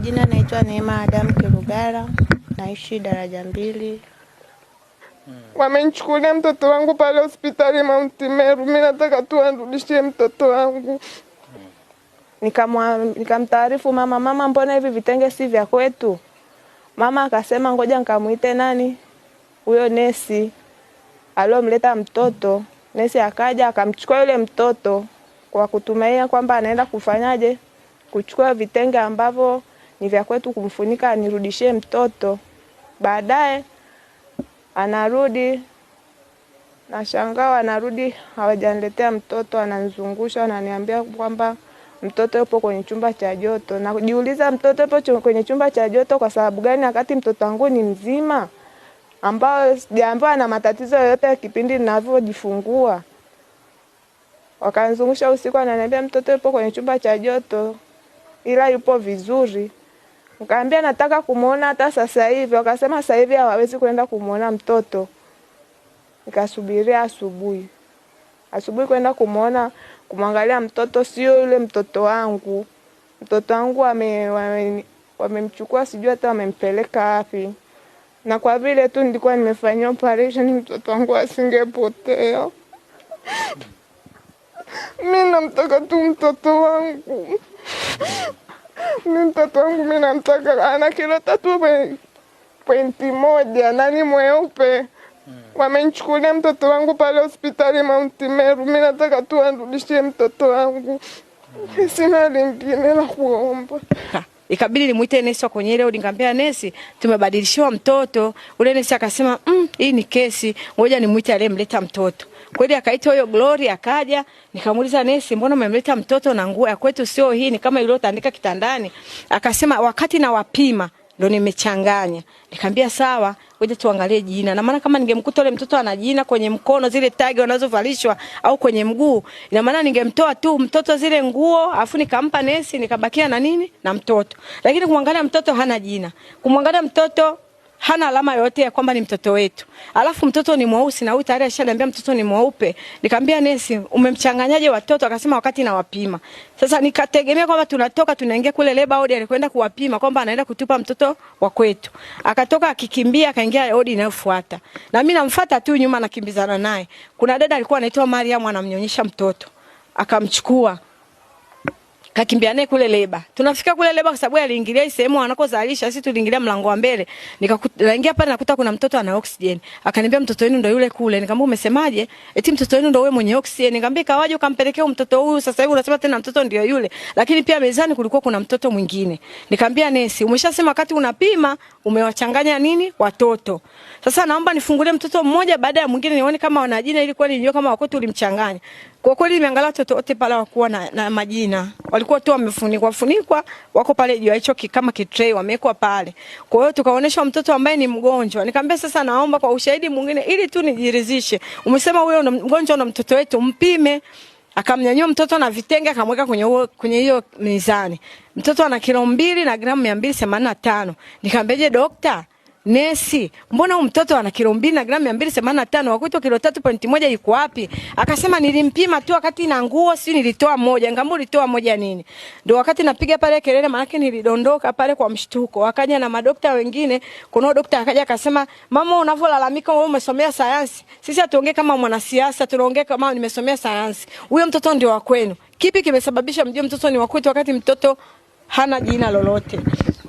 jina naitwa Neema Adam Kirugara, naishi daraja mbili. Wamenichukulia mtoto wangu pale hospitali Mount Meru, mimi nataka tu anirudishie mtoto wangu. Nikamtaarifu nika mama, mama, mbona hivi vitenge si vya kwetu? Mama akasema ngoja nikamuite nani huyo nesi aliyomleta mtoto. Nesi akaja akamchukua yule mtoto kwa kutumainia kwamba anaenda kufanyaje, kuchukua vitenge ambavyo ni vya kwetu kumfunika anirudishie mtoto. Baadaye anarudi nashangaa, anarudi hawajaniletea mtoto, ananizungusha, ananiambia kwamba mtoto yupo kwenye chumba cha joto. Najiuliza, mtoto yupo kwenye chumba cha joto kwa sababu gani, wakati mtoto wangu ni mzima ambao sijaambiwa na matatizo yoyote ya kipindi ninavyojifungua. Wakanzungusha usiku, ananiambia mtoto yupo kwenye chumba cha joto, ila yupo vizuri. Nikaambia nataka kumwona hata sasa hivi, wakasema sasa hivi hawawezi kwenda kumwona mtoto. Nikasubiria asubuhi, asubuhi kwenda kumwona kumwangalia mtoto, sio yule mtoto wangu. Mtoto wangu wamemchukua, wame sijui hata wamempeleka wapi, na kwa vile tu nilikuwa nimefanyia operation, mtoto wangu asingepotea. mi namtaka tu mtoto wangu mi mtoto wangu mi namtaka ana kilo tatu pointi moja na ni mweupe mm. wamenichukulia mtoto wangu pale hospitali Mount Meru. Mi nataka tu anrudishie mtoto wangu, hmm. sina lingine la kuomba. Ikabidi nimuite nesi wa kwenye ile wodi, nikamwambia nesi, tumebadilishiwa mtoto. Ule nesi akasema mm, hii ni kesi, ngoja nimuite aliyemleta mtoto. Kweli akaita huyo Glory akaja, nikamuuliza nesi, mbona umemleta mtoto na nguo ya kwetu sio hii, ni kama iliyotandika kitandani? Akasema wakati na wapima ndo nimechanganya. Nikamwambia sawa, ngoja tuangalie jina. Na maana kama ningemkuta yule mtoto ana jina kwenye mkono, zile tagi wanazovalishwa au kwenye mguu, ina maana ningemtoa tu mtoto zile nguo, afu nikampa nesi, nikabakia na nini na mtoto. Lakini kumwangalia mtoto hana jina, kumwangalia mtoto hana alama yoyote ya kwamba ni mtoto wetu, alafu mtoto ni mweusi na huyu tayari ashaniambia mtoto ni mweupe. Nikamwambia nesi, umemchanganyaje watoto? Akasema wakati nawapima. Sasa nikategemea kwamba tunatoka tunaingia kule leba odi, alikwenda kuwapima kwamba anaenda kutupa mtoto wa kwetu, akatoka akikimbia, akaingia odi inayofuata, na mimi namfuata tu nyuma, nakimbizana naye. Kuna dada alikuwa anaitwa Mariam, anamnyonyesha mtoto, akamchukua kakimbia naye kule leba. Tunafika kule leba kwa sababu aliingilia hii sehemu anakozalisha, sisi tuliingilia mlango wa mbele. Nikaingia pale nakuta kuna mtoto ana oxygen. Akaniambia mtoto wenu ndio yule kule. Nikamwambia umesemaje? Eti mtoto wenu ndio yule mwenye oxygen. Nikamwambia kawaje ukampelekea mtoto huyu sasa hivi unasema tena mtoto ndio yule. Lakini pia mezani kulikuwa kuna mtoto mwingine. Nikamwambia nesi, umeshasema wakati unapima umewachanganya nini watoto. Sasa naomba nifungulie mtoto mmoja baada ya mwingine nione kama wana jina ili kwani nijue kama wakati ulimchanganya. Kwa kweli nimeangalia watoto wote pale wakuwa na, na majina. Walikuwa tu wamefunikwa funikwa, wako pale juu hicho kama kitrei wamewekwa pale. Kwa hiyo tukaonyeshwa mtoto ambaye ni mgonjwa. Nikamwambia sasa, naomba kwa ushahidi mwingine ili tu nijiridhishe. Umesema wewe una mgonjwa na mtoto wetu mpime. Akamnyanyua mtoto na vitenge akamweka kwenye huo, kwenye hiyo mizani. Mtoto ana kilo mbili na gramu 285. Nikamwambia je, daktari Nesi, mbona huyu mtoto ana kilo mbili na gramu mia mbili themanini na tano wakuitwa kilo tatu pointi moja iko wapi? Akasema nilimpima tu wakati na nguo si nilitoa moja, ngambo nilitoa moja nini. Ndio wakati napiga pale kelele maana nilidondoka pale kwa mshtuko. Wakaja na madokta wengine, kuna dokta akaja akasema, "Mama unavyolalamika wewe umesomea sayansi. Sisi hatuongee kama mwanasiasa, tunaongea kama nimesomea sayansi. Huyo mtoto ndio wa kwenu. Kipi kimesababisha mjue mtoto ni wa kwetu wakati mtoto hana jina lolote?"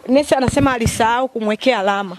Nesi anasema alisahau kumwekea alama.